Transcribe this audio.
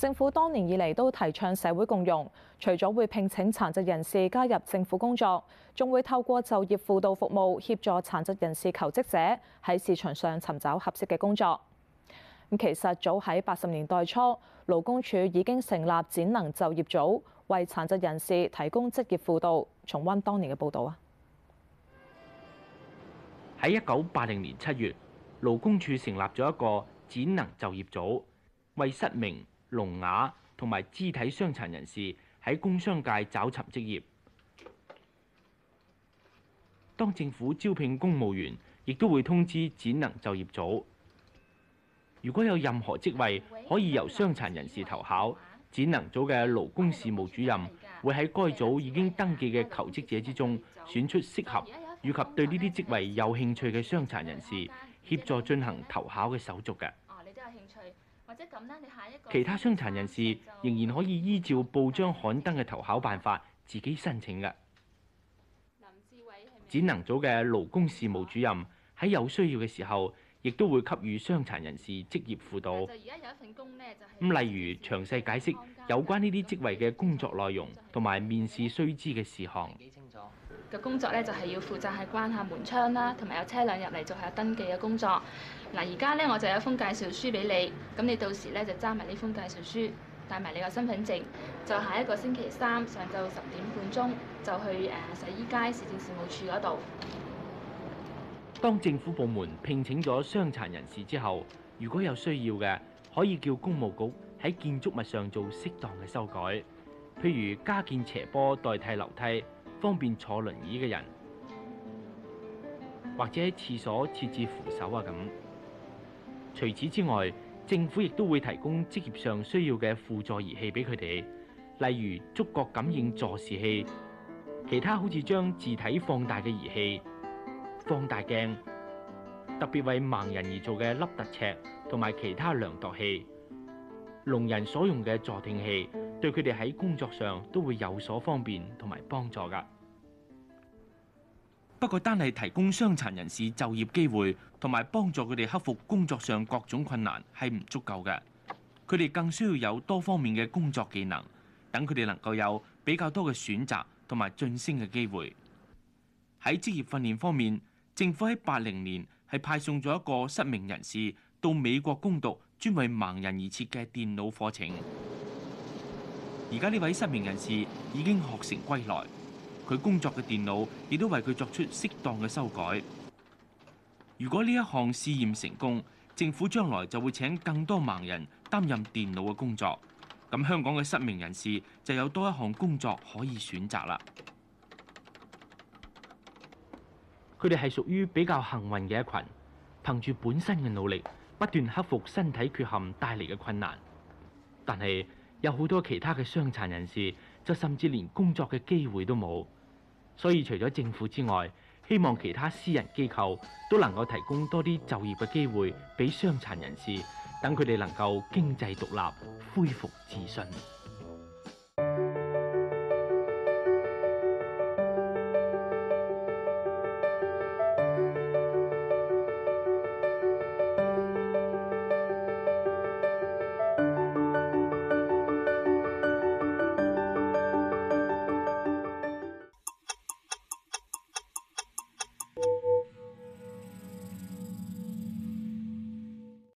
政府多年以嚟都提倡社會共融，除咗會聘請殘疾人士加入政府工作，仲會透過就業輔導服務協助殘疾人士求職者喺市場上尋找合適嘅工作。咁其實早喺八十年代初，勞工處已經成立展能就業組，為殘疾人士提供職業輔導。重溫當年嘅報導啊！喺一九八零年七月，勞工處成立咗一個展能就業組，為失明，聾啞同埋肢體傷殘人士喺工商界找尋職業。當政府招聘公務員，亦都會通知展能就業組。如果有任何職位可以由傷殘人士投考，展能組嘅勞工事務主任會喺該組已經登記嘅求職者之中，選出適合以及對呢啲職位有興趣嘅傷殘人士，協助進行投考嘅手續嘅。或者其他傷殘人士仍然可以依照報章刊登嘅投考辦法自己申請嘅。展能組嘅勞工事務主任喺有需要嘅時候，亦都會給予傷殘人士職業輔導。咁例如詳細解釋有關呢啲職位嘅工作內容同埋面試須知嘅事項。嘅工作咧就係要負責係關下門窗啦，同埋有車輛入嚟做下登記嘅工作。嗱，而家咧我就有封介紹書俾你，咁你到時咧就揸埋呢封介紹書，帶埋你個身份證，就下一個星期三上晝十點半鐘就去誒洗衣街市政事務處嗰度。當政府部門聘請咗傷殘人士之後，如果有需要嘅，可以叫工務局喺建築物上做適當嘅修改，譬如加建斜坡代替樓梯。方便坐輪椅嘅人，或者喺廁所設置扶手啊咁。除此之外，政府亦都會提供職業上需要嘅輔助儀器俾佢哋，例如觸覺感應助視器，其他好似將字體放大嘅儀器、放大鏡，特別為盲人而做嘅凹凸尺同埋其他量度器，聾人所用嘅助聽器。對佢哋喺工作上都會有所方便同埋幫助㗎。不過單係提供傷殘人士就業機會同埋幫助佢哋克服工作上各種困難係唔足夠嘅。佢哋更需要有多方面嘅工作技能，等佢哋能夠有比較多嘅選擇同埋晉升嘅機會。喺職業訓練方面，政府喺八零年係派送咗一個失明人士到美國攻讀專為盲人而設嘅電腦課程。而家呢位失明人士已經學成歸來，佢工作嘅電腦亦都為佢作出適當嘅修改。如果呢一項試驗成功，政府將來就會請更多盲人擔任電腦嘅工作。咁香港嘅失明人士就有多一項工作可以選擇啦。佢哋係屬於比較幸運嘅一群，憑住本身嘅努力，不斷克服身體缺陷帶嚟嘅困難。但係有好多其他嘅傷殘人士，就甚至連工作嘅機會都冇。所以除咗政府之外，希望其他私人機構都能夠提供多啲就業嘅機會俾傷殘人士，等佢哋能夠經濟獨立，恢復自信。